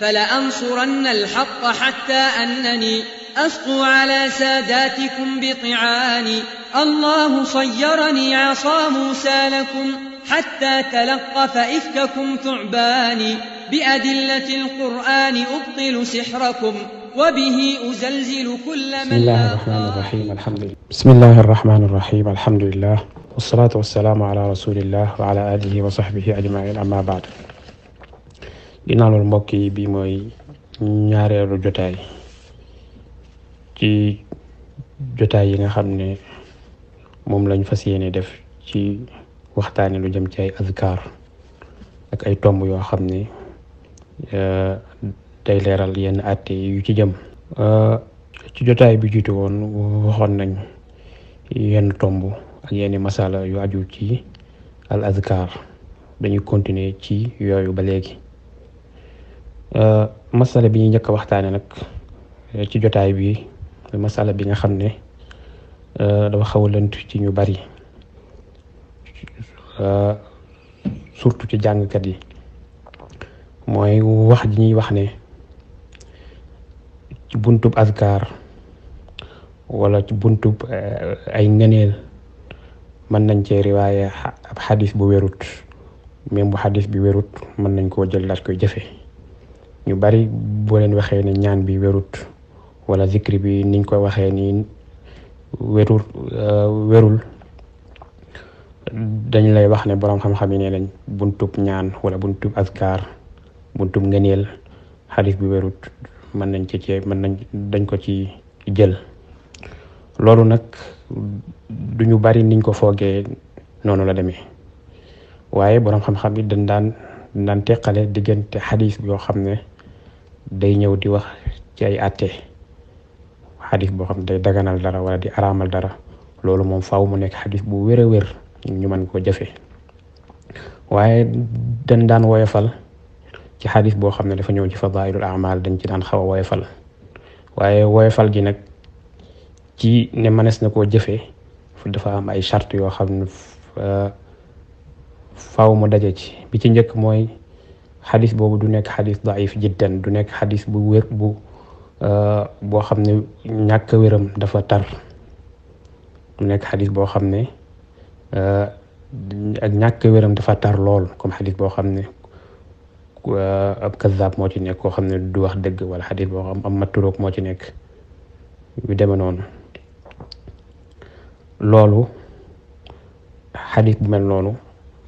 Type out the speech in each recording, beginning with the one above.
فلأنصرن الحق حتى أنني أسقو على ساداتكم بطعاني الله صيرني عصا موسى لكم حتى تلقف إفككم ثعباني بأدلة القرآن أبطل سحركم وبه أزلزل كل من بسم الله الرحمن الرحيم الحمد لله بسم الله الرحمن الرحيم الحمد لله والصلاة والسلام على رسول الله وعلى آله وصحبه أجمعين أما بعد ginnaaw loolu mbokk yi bi mooy ñaareelu jotaay ci jotaay yi nga xam ne moom lañ fas yéene def ci waxtaanee lu jëm ci ay azkar ak ay tomb yoo xam ne euh, day leeral yenn àtte yu ci jëm euh, ci jotaay bi jiitu woon waxoon nañ yenn tomb ak yenn masala yu aju ci al dañuy continuer ci yooyu ba léegi Euh, masala bi ñu njëkk a waxtaane nag euh, ci jotaay bi masala bi nga xam ne euh, dafa xaw a lënt ci ñu bari surtout ci jàngkat yi mooy wax ji wax ne ci buntub azkar wala ci buntub ay ngëneel mën nañ cee riwaaye ab xadis bu wérut même bu xadis bi wérut mën nañ koo jël daal koy jëfe ñu bari boo leen waxee ne ñaan bi werut wala zikri bi niñ koy waxee nii wetu werul euh, dañ lay wax ne boroom xam-xam yi nee nañ buntub ñaan wala buntub askar buntub ngëneel xadis bi werut mën nañ ci cee mën nañ dañ ko ci jël loolu nag duñu bari niñ ko foogee noonu la deme waaye boroom xam-xam yi dañ daan daan teqale diggante xadis yoo xam ne day ñëw di wax ci ay àtte xadis boo xam ne day daganal dara wala di araamal dara loolu moom faaw mu nekk xadis boo wér a wér ñu mën koo jëfe waaye dañ daan woyofal ci xadis boo xam ne dafa ñëw ci fadailul amal dañ ci daan xaw a woyofal waaye woyofal gi nag ci ne mënees na koo jëfee dafa am ay charte yoo xam ne faaw mu daje ci bi ci njëkk mooy xadis boobu du nekk xadis daif jiddan du nekk xadis bu wér bu euh, boo xam ne ñàkk wéram dafa tar du nekk xadis boo xam ne euh, ak ñàkk wéram dafa tar lool comme xadis boo xam ne euh, ab kazaab moo ci nekk koo xam ne du wax dëgg wala xadis boo xam am maturoog moo ci nekk yu deme noonu loolu xadis bu mel noonu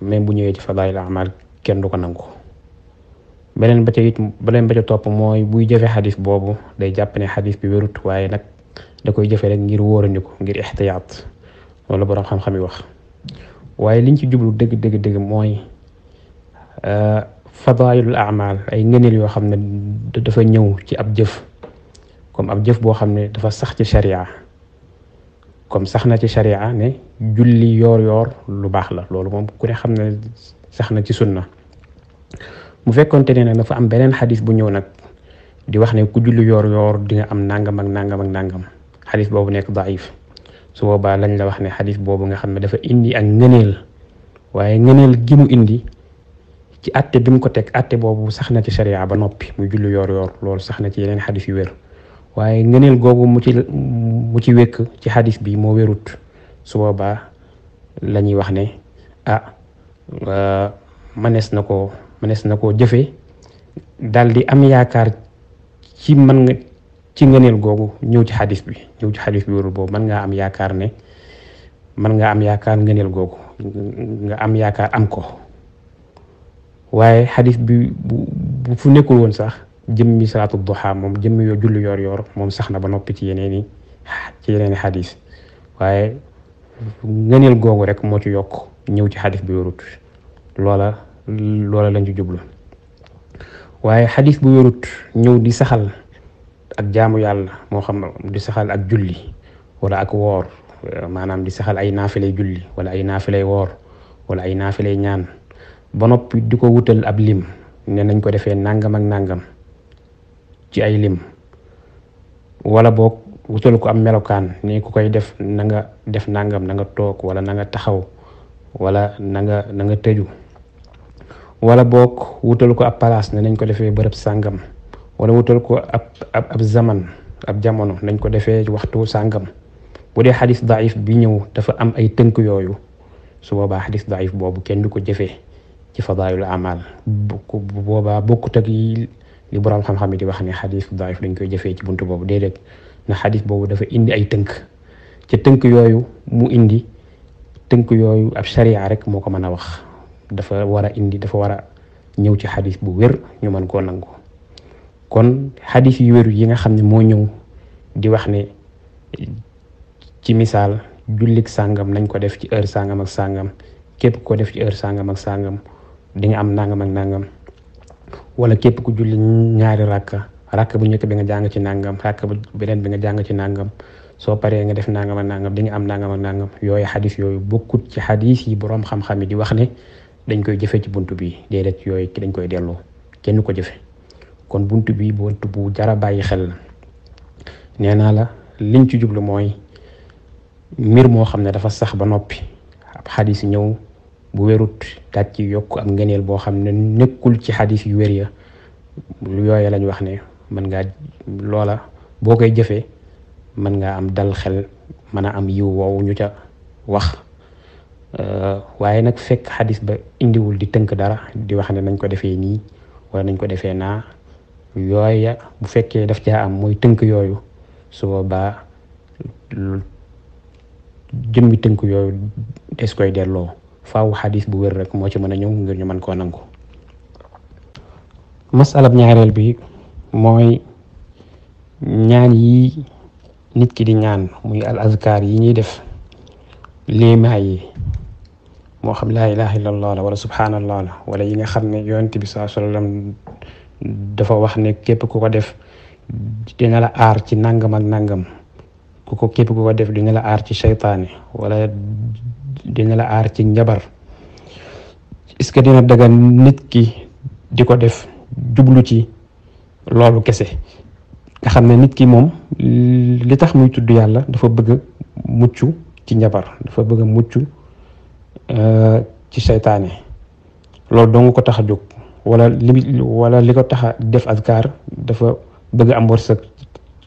même bu ñëwee ci fadaayil amal kenn du ko nangu beneen ba ca it beneen ba ca topp mooy buy jëfe xadis boobu day jàpp ne xadis bi wérut waaye nag da koy jëfe rek ngir wóorandi ko ngir ixtiyaat loolu borom xam-xam yi wax waaye liñ ci jublu dëgg dëgg dëgg mooy fadaayilul amal ay ngëneel yoo xam ne dafa ñëw ci ab jëf comme ab jëf boo xam ne dafa sax ci sharia comme sax na ci sharia ne julli yoor yoor lu baax la loolu moom ku ne xam ne sax na ci sunna bu fekkonte ne nag dafa am beneen xadis bu ñëw nag di wax ne ku julli yoor yoor di nga am nangam ak nangam ak nangam xadis boobu nekk daif su boobaa lañ la wax ne xadis boobu nga xam ne dafa indi ak ngëneel waaye ngëneel gi mu indi ci atte bi mu ko teg atte boobu sax na ci sharia ba noppi mu julli yoor yoor loolu sax na ci yeneen xadis yu wér waaye ngëneel googu mu ci mu ci wékk ci xadis bi moo wérut su boobaa la ñuy wax ne ah euh, manees na ko manes na koo jëfee dal am yaakar ci man nga ci ngeenel googu ñew ci hadith bi ñew ci hadith bi wuro bo man nga am yaakar ne man nga am yaakar ngeenel googu nga am yaakar am ko waye hadith bi bu fu nekkul won sax mi salatu duha mom jëm yo jull yor yor mom sax na ba nopi ci yeneeni ci yeneeni hadith waye ngeenel gogou googu rek mo ci yok ñew ci hadith bi wuro lola loola lañ ci jublu waaye xadis bu yorut ñëw di saxal ak jaamu yàlla moo xam di saxal ak julli wala ak woor maanaam di saxal ay naafilay julli wala ay naafilay woor wala ay naafilay ñaan ba noppi di ko wutal ab lim ne nañ ko defee nangam ak nangam ci ay lim wala boog wutal ko am melokaan ni ku koy def na def nangam na nga toog wala na nga taxaw wala na nga na wala boog wutal ko ab palace ne nañ ko defee bërëb sàngam wala wutal ko ab ab ab zaman ab jamono nañ ko defee waxtu sàngam bu dee xadis daif bi ñëw dafa am ay tënk yooyu su boobaa xadis daif boobu kenn du ko jëfee ci fadaayul amal bu boobaa bokkut ak yi li borom xam-xam yi di wax ne xadis daif dañ koy jëfee ci buntu boobu déedéet na xadis boobu dafa indi ay tënk ci tënk yooyu mu indi tënk yooyu ab sharia rek moo ko mën a wax dafa war a indi dafa war a ñëw ci xadis bu wér ñu man koo nangu kon xadis yu wér yi nga xam ne moo ñëw di wax ne ci misaal jullik sàngam nañ ko def ci heure sàngam ak sàngam képp ko def ci heure sàngam ak sàngam di nga am nangam ak nangam wala képp ku julli ñaari rakka rakk bu njëkk bi nga jàng ci nangam rakk bu beneen bi nga jàng ci nangam soo paree nga def nangam ak nangam di nga am nangam ak nangam yooyu xadis yooyu bokkut ci xadis yi boroom xam-xam yi di wax ne dañ koy jëfe ci bunt bi déedéet yooyu dañ koy delloo kenn ko jëfe kon bunt bii bunt bu jara bàyyi xel na nee naa la liñ ci jublu mooy mbir moo xam ne dafa sax ba noppi ab xadis ñëw bu wérut daaj ci yokk am ngeneel boo xam ne nekkul ci xadis yu wér ya yooya lañ wax ne mën ngaa loola boo koy jëfee mën ngaa am dal xel mën a am yiw woowu ñu ca wax Eh, waaye nag fekk xadis ba indiwul di tënk dara di wax ne nañ ko defee nii wala nañ ko defee naa yooya bu fekkee daf caa am mooy tënk yooyu su boobaa jëmmi tënk yooyu des koy delloo faaw xadis bu wér rek moo ci mën a ñëw ngir ñu mën koo nangu masalab ñaareel bi mooy ñaan yi nit ki di ñaan muy al azkar yi ñuy def léema yi moo xam laa ilaha illallah la wala subhanallah la wala yi nga xam ne yonent bi saa sallam dafa wax ne képp ku ko def dina la aar ci nangam ak nangam ku ko képp ku ko def dina la aar ci seytaane wala dina la aar ci njabar est-ce que dina daga nit ki di ko def jublu ci loolu kese nga xam ne nit ki moom li tax muy tudd yàlla dafa bëgg muccu ci njabar dafa bëgg muccu ci seytaane loolu dong ko tax a jóg wala li ko tax a def azkar dafa bëgg am wërsëg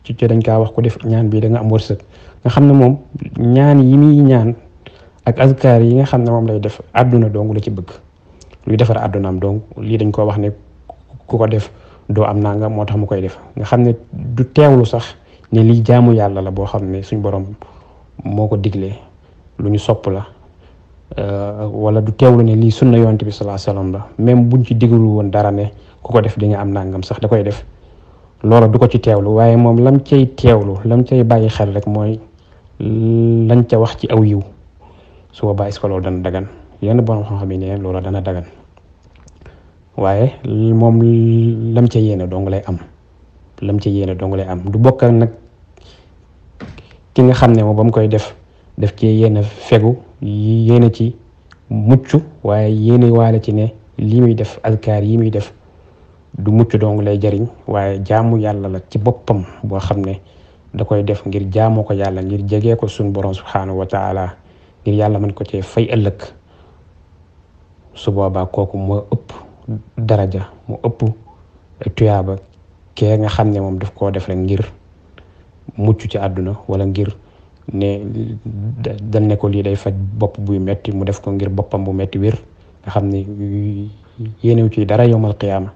ci dañ kaa wax ko def ñaan bii da nga am wërsëg nga xam ne moom ñaan yi muy ñaan ak azkar yi nga xam ne moom lay def àdduna dong la ci bëgg luy defar àddunaam dong lii dañ koo wax ne ku ko def doo am naa nga moo tax mu koy def nga xam ne du teewlu sax ne lii jaamu yàlla la boo xam ne suñ borom moo ko diglee lu ñu sopp la Euh, wala du teewlu ne lii sunna yonent bi salaa salaam la même buñ ci digalu woon dara ne ku ko def di nga am nangam sax da koy def loola du ko ci teewlu waaye moom lam cay teewlu lam cay bàyyi xel rek mooy lañ ca wax ci aw yiw su boobaa est-ce dagan yenn borom xam yi ne loola dana dagan waaye moom lam ca yéene dong lay am lam ca yéene dong lay am du bokk nag ki nga xam ne moom ba mu koy def def ci yéene fegu yéene ci mucc waaye yéene waale ci ne lii muy def azkaar yi muy def du mucc dong lay jariñ waaye jaamu yàlla la ci boppam boo xam ne da koy def ngir jaamoo ko yàlla ngir jegee ko suñ borom subhaanahu wa taala ngir yàlla mën ko cee fay ëllëg su boobaa kooku moo ëpp daraja mu ëpp tuyaaba kee nga xam ne moom def koo def rek ngir mucc ci àdduna wala ngir ne dañ ne ko lii day faj bopp buy metti mu def ko ngir boppam bu metti wér nga xam ne yéenew ci dara yowmal qiyaama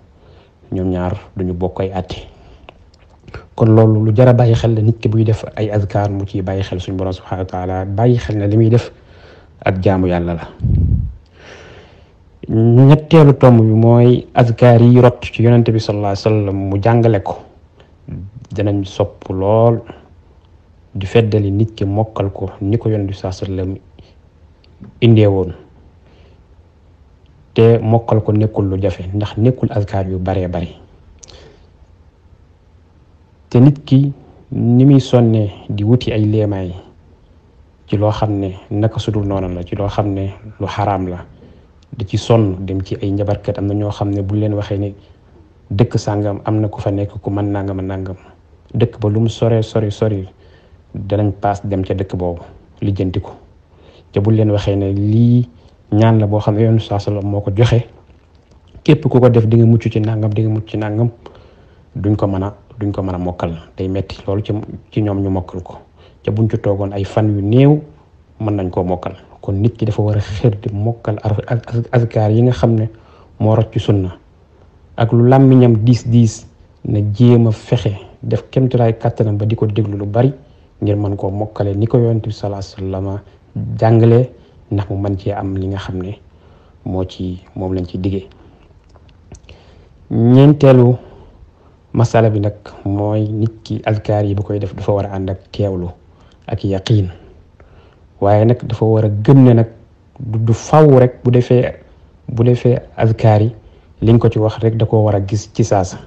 ñoom ñaar duñu bokk ay atti kon loolu lu jar a bàyyi xel la nit ki buy def ay azkar mu ciy bàyyi xel suñu borom subhanahu wa taala bàyyi xel ne li muy def ak jaamu yàlla la ñetteelu tomb bi mooy azkar yi rot ci yonente bi sallallahu alayhi wa sallam mu jàngale ko dinañ sopp lool di feddali nit ki mokkal ko ni ko yoon bi saa sallam indee woon te mokkal ko nekkul lu jafe ndax nekkul azkaar yu baree bari te nit ki ni muy sonnee di wuti ay léemaay ci loo xam ne naka sutu noonam la ci loo xam ne lu xaraam la da ci sonn dem ci ay njabarkat am na ñoo xam ne bu leen waxee ne dëkk sàngam am na ku fa nekk ku mën nangam nangam dëkk ba lu mu sore sori sori danañ paas dem ca dëkk boobu lijjanti ko te buñ leen waxee ne lii ñaan la boo xam ne yoonu saa sala moo ko joxe képp ku ko def di nga mucc ci nangam di nga mucc ci nangam duñ ko mën a duñ ko mën a mokkal day metti loolu ci ci ñoom ñu mokkal ko te buñ ci toogoon ay fan yu néew mën nañ koo mokkal kon nit ki dafa war a xër di mokkal azkaar yi nga xam ne moo rot ci sunna ak lu làmmiñam diis diis na jéem a fexe def kemtulaay kàttanam ba di ko déglu lu bari ngir mën koo mokkale ni ko yonent bi salaa sallama jàngale ndax mu man cee am li nga xam ne moo ci moom lañ ci diggee ñenteelu masala bi nag mooy nit ki azkaar yi bu koy def dafa war a ànd ak teewlu ak yaqiin waaye nag dafa war a gëm ne nag du faw rek bu defee bu defee azkaar yi liñ ko ci wax rek da koo war a gis ci saasa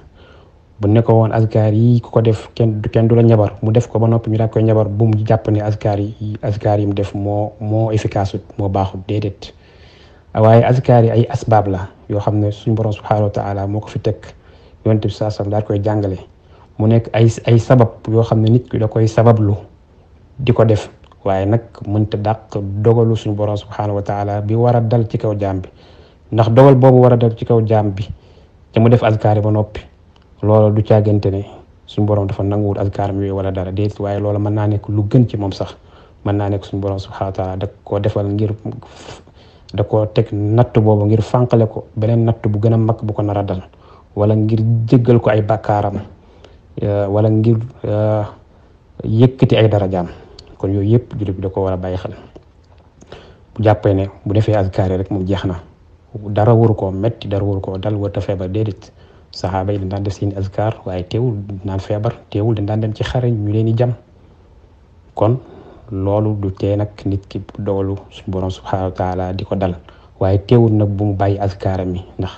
bu ne ko woon askar yi ku ko def kenn kenn du la ñabar mu def ko ba noppi ñu daal koy ñabar bu mu jàpp ne askar yi askar yi mu def moo moo efficace moo baaxut déedéet waaye askar ay asbaab la yoo xam ne suñu borom subhaanahu wa moo ko fi teg yonent bi saasam koy jàngale mu nekk ay ay sabab yoo xam ne nit ki da koy sabablu di ko def waaye nag mënta daq dogalu suñu borom subhaanahu wa taala bi war a dal ci kaw jaam bi ndax dogal boobu war a dal ci kaw jaam bi te mu def askar ba noppi loola du caagante ne suñu borom dafa nanguwul azkaaram yooyu wala dara déet waaye loola mën naa nekk lu gën ci moom sax mën naa nekk suñu borom subhaanahu wa taala koo defal ngir da koo teg natt boobu ngir fànqale ko beneen nattu bu gën a mag bu ko nar a dal wala ngir jëggal ko ay bàkkaaram eh, wala ngir eh, yëkkati ay dara jaam kon yooyu yëpp jullit bi da ko war a bàyyi xel bu jàppee ne bu defee azkaar rek moom jeex na dara waru koo metti dara waru koo dal warta feebar déedéet saxaaba yi dañ daan def seen azkar waaye teewul naan feebar teewul dañ daan dem ci xare ñu leen di jam kon loolu du tee nag nit ki doolu suñ borom subhanahu di ko dal waaye teewul nag bu mu bàyyi azkaaram mi ndax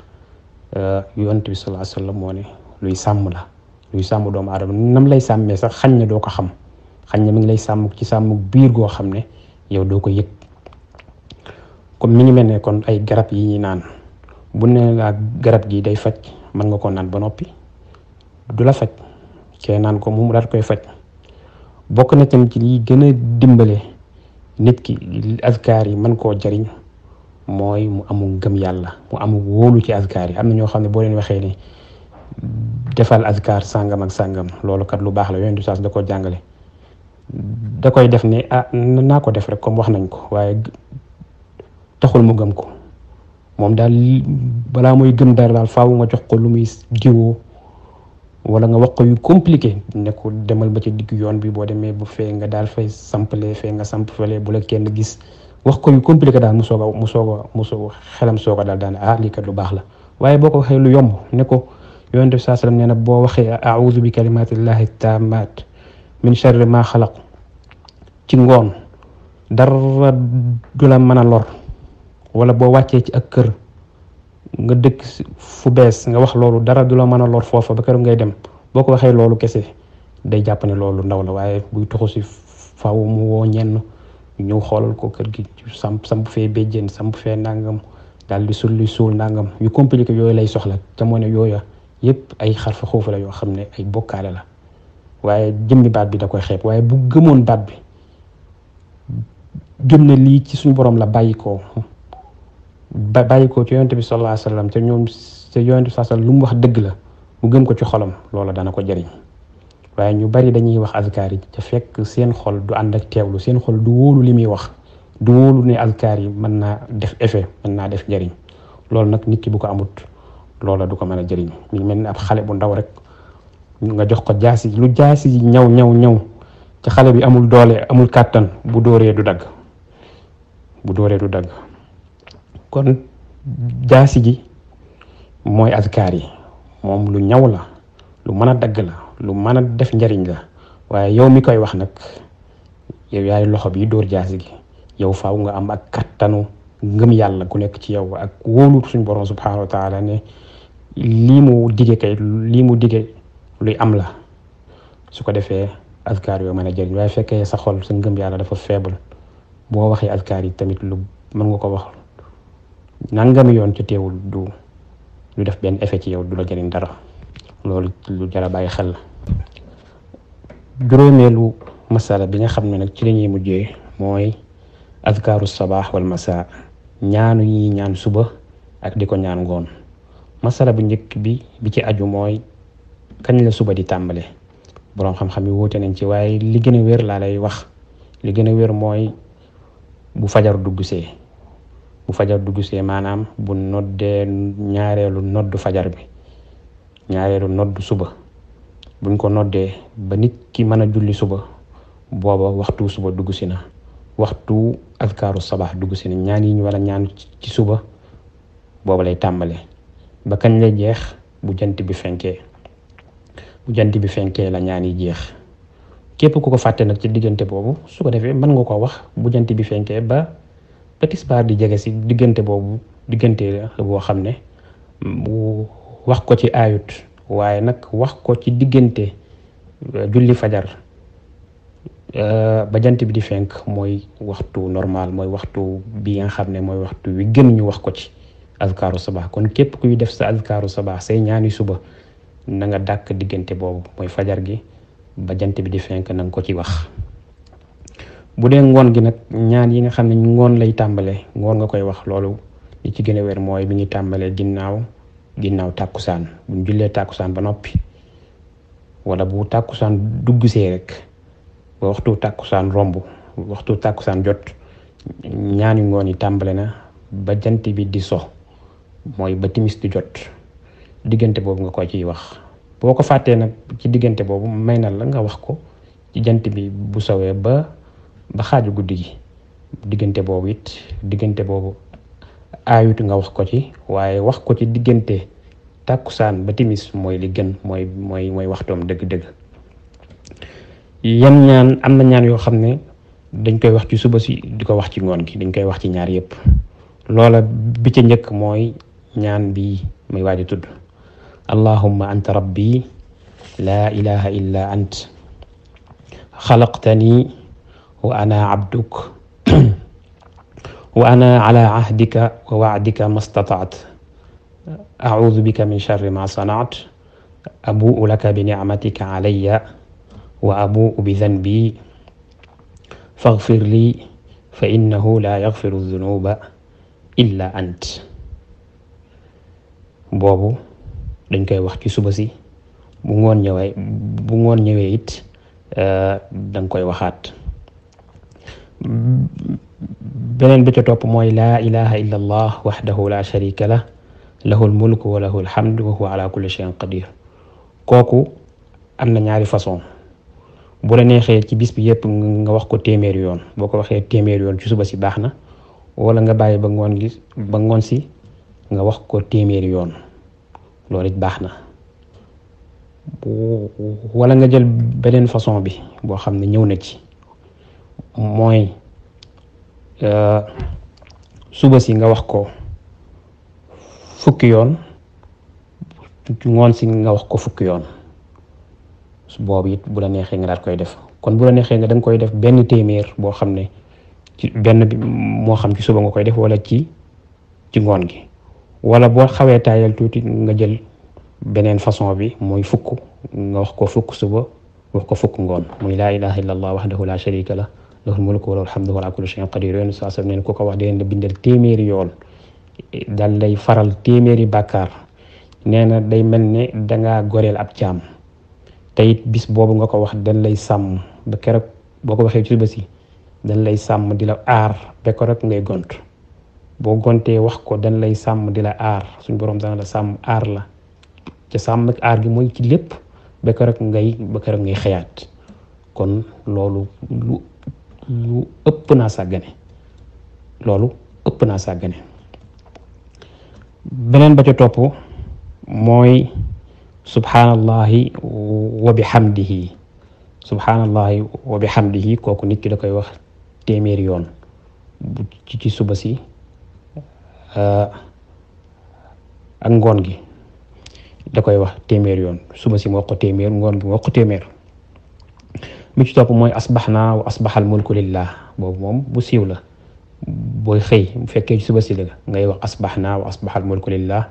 euh, yonent bi sallallahu luy sàmm la luy sàmm doomu aadama nam lay sàmmee sax xañ ne doo ko xam xañ na mi ngi lay sàmm ci sàmm biir goo xam ne yow doo ko yëg comme mi ngi mel ne kon ay garab yi ñuy naan bu ne laa garab gi day faj mën nga koo naan ba noppi du la faj kee naan ko mu daal koy faj bokk na tam ci liy gën a dimbale nit ki azkaar yi mën koo jariñ mooy mu amul gëm yàlla mu amul wóolu ci azkaar yi am na ñoo xam ne boo leen waxee ni defal azkaar sàngam ak sàngam loolu kat lu baax la yooyu du saas da koo jàngale da koy def ne ah naa ko def rek comme wax nañ ko waaye taxul mu gëm ko mom dal bala moy gëm dar dal faaw nga jox ko lu muy diwo wala nga wax ko yu compliqué ne ko demal ba ci dig yoon bi bo démé bu fé nga dal fay samplé fé nga samp fale bu la kenn gis wax ko yu compliqué dal mu soga mu soga mu soga xelam soga dal daal ah li ka lu bax la waye boko waxé lu yomb ne ko yoon bi sallam néna bo waxé a'udhu bi kalimati llahi tammat min sharri ma khalaq ci ngoon dar du la mëna lor wala boo wàccee ci ak kër nga dëkk fu bees nga wax loolu dara du la mën a lor foofa ba këram ngay dem boo ko waxee loolu kese day jàpp ne loolu ndaw la waaye buy tuxu si faaw mu woo ñenn ñëw xoolal ko kër gi samp samp fee béjjén samp fee nangam daal di sulli suul nangam yu compliqué yooyu lay soxla te moo ne yooya yépp ay xarfa xoofu la yoo xam ne ay bokkaale la waaye jëmmi baat bi da koy xeeb waaye bu gëmoon baat bi gëm ne lii ci suñu borom la bàyyi ba bàyyi ko ci yonent bi sallallahu alayhi wasallam te ñoom te yonent bi sallallahu lu mu wax dëgg la ko ci xolam loola dana ko jariñ waaye ñu bari dañuy wax azkaar yi fekk seen xol du ànd ak teewlu seen xol du wóolu li muy wax du wóolu ne azkaar yi mën naa def effet mën naa def jariñ loolu nag nit ki bu ko amut loola du ko mën a jariñ mi ngi xale bu ndaw rek nga jox ko jaasi lu jaasi yi ñaw ñaw ñaw ci xale bi amul doole amul kàttan bu dóoree du dagg bu dóoree du dagg kon jaasi ji mooy azkaar yi moom lu ñaw la lu mën a dagg la lu mën a def njariñ la waaye yow mi koy wax nag yow yaay loxo bi dóor jaasi gi yow faaw nga am ak kattanu ngëm yàlla ku nekk ci yow ak wóolu suñ borom subhanahu wa ne lii mu dige kay lii mu dige luy am la su ko defee azkaar yoo mën a jëriñ waaye fekkee sa xol sa ngëm yàlla dafa faible boo waxee azkaar yi tamit lu mën nga ko wax nangami yoon ci teewul du du def benn effet ci du la jëriñ dara loolu lu jar a bàyyi xel la juróomeelu masala bi nga xam ne nag ci lañuy mujjee mooy azkaaru sabaax wal masa ñaanu ñi ñaan suba ak di ko ñaan ngoon masala bu njëkk bi bi ci aju mooy kañ la suba di tàmbale boroom xam-xam yi wóote nañ ci waaye li gën a wér laa lay wax li gën a wér mooy bu fajar duggsee bu fajar dugusee maanaam bu noddee ñaareelu noddu fajar bi ñaareelu noddu suba buñ ko nodde ba nit ki mëna julli suba booba waxtu suba dugg si waxtu azkaru sabah dugg ñaan yi ñu war ñaan ci suba booba lay tambalé ba kañ lay jeex bu jant bi fenké bu jant bi fenké la ñaan yi jeex képp ku ko fàtte nag ci diggante boobu su ko defee mën nga ko wax bu jant bi fenkee ba petit tisbaar di si diggante boobu diggante bo xamné mu wax ko ci ayut waaye nak wax ko ci digënté euh, julli fajar euh, ba jant bi di fenk mooy waxtu normal moy waxtu bi nga xamné moy mooy waxtu wi gën ñu wax ko ci azkaru sabah kon képp kuy def sa azkaru sabah say ñaani suba na nga dak digënté bobu mooy fajar gi ba jant bi di fenk nang ko ci wax bu dee ngoon gi nag ñaan yi nga xam ne ngoon lay tàmbalee ngoon nga koy wax loolu li ci gën a wér mooy bi ngi tàmbalee ginnaaw ginnaaw tàkkusaan bu ñu jullee tàkkusaan ba noppi wala bu tàkkusaan dugg see rek ba waxtu tàkkusaan romb waxtu tàkkusaan jot ñaani ngoon yi tàmbale na ba jant bi di so mooy ba timis di jot diggante boobu nga koy ciy wax boo ko fàttee nag ci diggante boobu may na la nga wax ko ci jant bi bu sowee ba ba xaaju guddi gi diggante boobu it diggante boobu aayut nga wax ko ci waaye wax ko ci diggante tàkkusaan ba timis mooy li gën mooy mooy mooy waxtoom dëgg-dëgg yan ñaan am na ñaan yoo xam ne dañ koy wax ci suba si di ko wax ci ngoon gi dañ koy wax ci ñaar yépp loola bi ca njëkk mooy ñaan bi may waaji tudd allahumma anta rabbi la ilaha illa ant xalaqtani وأنا عبدك وأنا على عهدك ووعدك ما استطعت أعوذ بك من شر ما صنعت أبوء لك بنعمتك علي وأبوء بذنبي فاغفر لي فإنه لا يغفر الذنوب إلا أنت بابو dañ koy wax ci suba si bu ngoon ñëwee beneen bi ca topp mooy laa ilaha illa allah waxdahu la sharika lah lahu lmulk wa lahu lhamd wa huwa ala kulli shay'in qadir kooku am na ñaari façon bu la neexee ci bis bi yëpp nga wax ko téeméer yoon boo ko waxee téeméer yoon ci suba si baax na wala nga bàyyi si nga wax ko téeméeri yoon loolu baax na wala nga jël beneen façon bi boo xam ne ñëw na ci mooy euh, suba si nga wax ko fukki yoon ci ngoon si nga wax ko fukki yoon su boobu it bu la neexee nga daal koy def kon bu la neexee nga da koy def benn téeméer boo xam ne ci benn bi xam ci suba nga koy def wala ci ci ngoon gi wala boo xawee taayal tuuti nga jël beneen façon bi mooy fukk nga wax ko fukk suba wax ko fukk ngoon muy laa ilaha illa allah wahdahu la sharika la lahul mulku wa lahul hamdu wa huwa ala kulli ko wax deen la bindal téeméeri yool faral téeméeri bàkkaar nee na day mel ne dangaa goreel ab jaam te it bis boobu nga ko wax dañ lay sàmm ba boo ko waxee ci suba si dañ lay sàmm di la aar ba keroog ngay gont boo gontee wax ko dañ lay sàmm di la aar suñ boroom dana la sàmm aar la ca sàmm ak aar gi mooy ci lépp ba keroog ngay ba keroog xëyaat kon loolu ñu ëpp naa sàggane loolu ëpp naa sàggane beneen ba ca topp mooy subhanallahi wa bihamdihi subhanallahi wa bihamdihi kooku nit ki da koy wax téeméeri yoon bu ci suba si euh, ak ngoon gi da koy wax téeméer yoon suba si mu wax ko téeméer ngoon gi mu wax ko téeméer مي توب موي اصبحنا واصبح الملك لله بوب موم بو سيولا بوي خي فكي سوبا اصبحنا واصبح الملك لله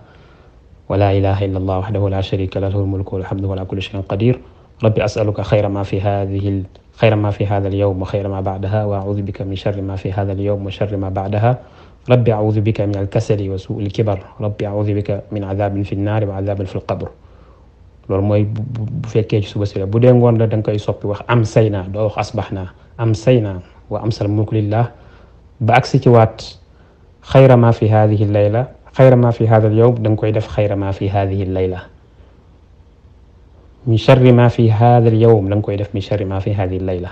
ولا اله الا الله وحده لا شريك له الملك والحمد على كل شيء قدير ربي اسالك خير ما في هذه ال... خير ما في هذا اليوم وخير ما بعدها واعوذ بك من شر ما في هذا اليوم وشر ما بعدها ربي اعوذ بك من الكسل وسوء الكبر ربي اعوذ بك من عذاب في النار وعذاب في القبر loolu mooy bu fekkee ci suba si bu dee ngoon la da nga koy soppi wax am say naa doo wax asbax naa am say naa wa amsal mulku lillah ba agsi ci waat xayra ma fi hadihi layla xayra ma fi hada al yowm da nga koy def xayra ma fi hadihi layla min charri ma fi hada al yowm da nga koy def min charri ma fi hadihi layla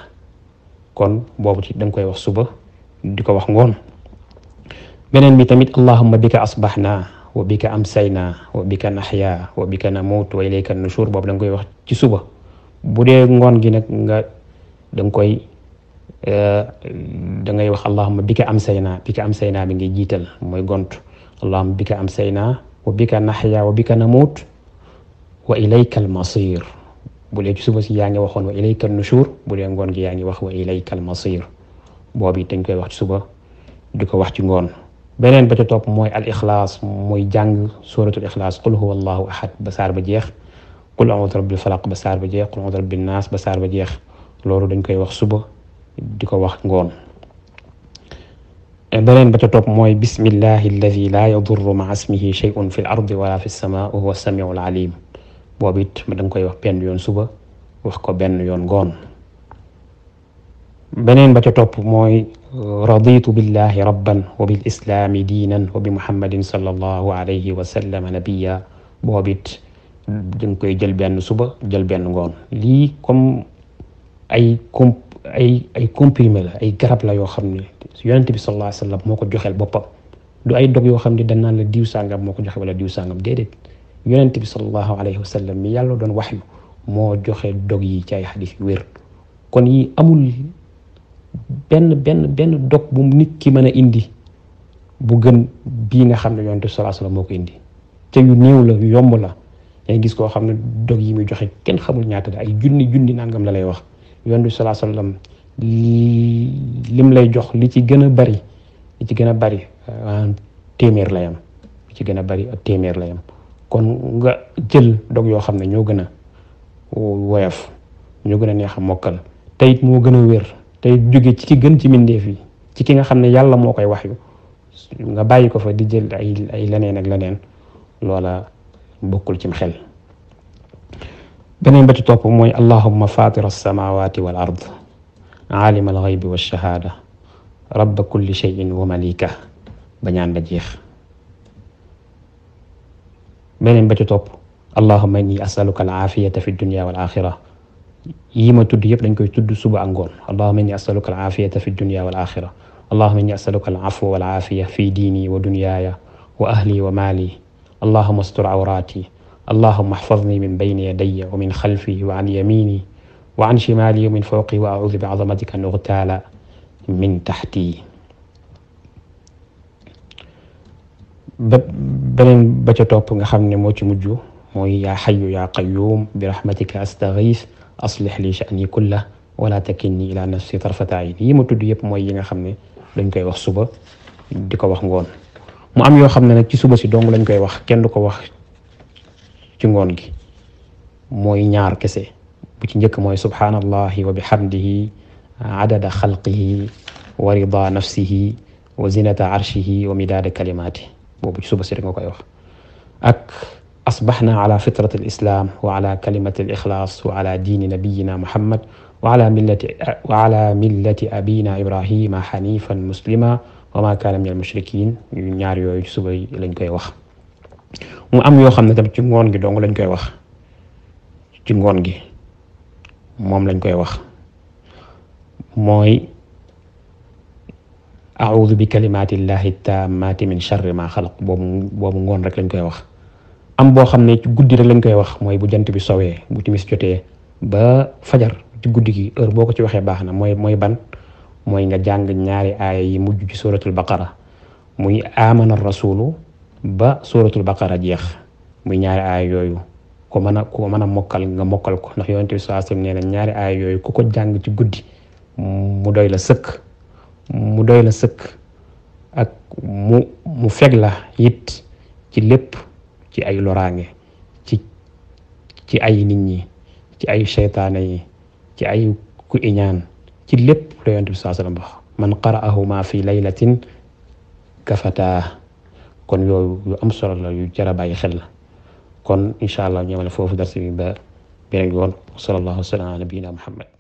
kon boobu ci da nga koy wax suba di ko wax ngoon beneen bi tamit allahumma bika asbax wa bika amsayna wa bika naxya wa bika namuut wa ilayka nushur boobu da nga koy wax ci suba bu dee ngoon gi nag nga da nga koy euh, da ngay wax allahumma bika amsayna bika amsayna bi ngay jiital mooy gont allahumma bika amsayna wa bika naxya wa bika namuut wa ilayka almasir bu dee ci suba si yaa ngi waxoon wa ilayka nushur bu dee ngoon gi yaa ngi wax wa ilayka almasir boobu it dañ koy wax ci suba di ko wax ci ngoon beneen ba ca topp mooy al ixlaas mooy jàng suratul ixlaas qul huwa allahu ahad ba saar ba jeex qul a'udhu rabbil falaq ba saar ba jeex qul a'udhu rabbin naas ba saar ba jeex loolu dañ koy wax suba di ko wax ngoon beneen ba ca topp mooy bismillahi alladi la yadurru maa ismihi shay'un fi l ardi wala fi lsama wa huwa samiu alalim boobu it da koy wax benn yoon suba wax ko benn yoon ngoon beneen ba ca topp mooy رضيت بالله ربا وبالإسلام دينا وبمحمد صلى الله عليه وسلم نبيا بوبيت دنكوي جل بن سوبا جل بن غون لي كم اي كم اي اي كومبريمي لا اي غراب لا يو خامني يونتي بي صلى الله عليه وسلم موكو جوخيل بوبا دو اي دوغ يو خامني دان نان لا ديو ولا ديو سانغام ديديت يونتي بي صلى الله عليه وسلم مي يالو دون وحي مو جوخي دوغ يي تاي حديث وير كون امول benn benn benn dog bu nit ki mën a indi bu gën bii nga xam ne yonent bi sallallahu alayhi moo ko indi te yu néew la yu yomb la yaa gis koo xam ne dog yi muy joxe kenn xamul ñaata la ay junni junni nangam la lay wax yonent bi sallallahu alayhi wasallam lim lay jox li ci gën a bari li ci gën a bari ah, téeméer la yam li ci gën a bari téeméer la yam kon nga jël dog yoo xam ne ñoo gën a woyof ñoo gën a neex a mokkal te it moo gën a wér tay jóge ci ki gën ci mbindeef yi ci ki nga xam ne yàlla moo koy wax yu nga bàyyi ko fa di jël ay ay leneen ak leneen loola bokkul ci xel beneen ba ci topp mooy allahumma fatir alsamawati wal ard alim alxaybi walchahaada rabba kulli cheyin wa malika ba ñaan ba jeex beneen ba ci topp allahumma inni asaluka alafiyata fi dunya wal axira يما تود يب نكوي تود سبع أنقول اللهم إني أسألك العافية في الدنيا والآخرة اللهم إني أسألك العفو والعافية في ديني ودنياي وأهلي ومالي اللهم استر عوراتي اللهم احفظني من بين يدي ومن خلفي وعن يميني وعن شمالي ومن فوقي وأعوذ بعظمتك أن أغتال من تحتي بلين بجتوب نخمني موتي مجو موي يا حي يا قيوم برحمتك أستغيث اصلح لي شاني كله ولا تكني الى نفسي طرفه عين يمتو دي ييب موي ييغا خامني دنج كاي واخ صبا ديكو واخ غون مو ام يو سي صبا سي دونغ لنج كاي واخ كين دوكو واخ سي غون غي موي ñaar kese bu ci ñeek moy subhanallahi wa bihamdihi adada khalqihi wa rida nafsihi wa zinata arshihi wa midada kalimati bobu أصبحنا على فطرة الإسلام وعلى كلمة الإخلاص وعلى دين نبينا محمد وعلى ملة وعلى ملة أبينا إبراهيم حنيفا مسلما وما كان من المشركين ñaar yooyu suba lañ koy wax mu am yoo xam ne tamit ci ngoon gi dong lañ koy wax ci ngoon gi moom lañ أعوذ بكلمات الله التامات من شر ما خلق boobu boobu ngoon rek lañ koy wax am boo xam ne ci guddi rek lañ koy wax mooy bu jant bi sowee bu timis jotee ba fajar ci guddi gi heure boo ko ci waxee baax na mooy mooy ban mooy nga jàng ñaari aay yi mujj ci suratul baqara muy amana rasuulu ba suratul baqara jeex muy ñaari aaya yooyu ko mën a ko mën a mokkal nga mokkal ko ndax saa sallam nee na ñaari aaya yooyu ku ko jàng ci guddi mu doy la sëkk mu doy la sëkk ak mu mu feg la it ci lépp ci ay loraange ci ci ay nit ñi ci ay seytaane yi ci ay ku iñaan ci lépp la yonent bi saa sallam wax man qara'ahuma fi laylatin kafataa kon yooyu yu am solo la yu jar a bàyyi xel la kon incha allah ñu amale foofu darsi bi ba beneen yoon sallallahu wa sallam ala muhammad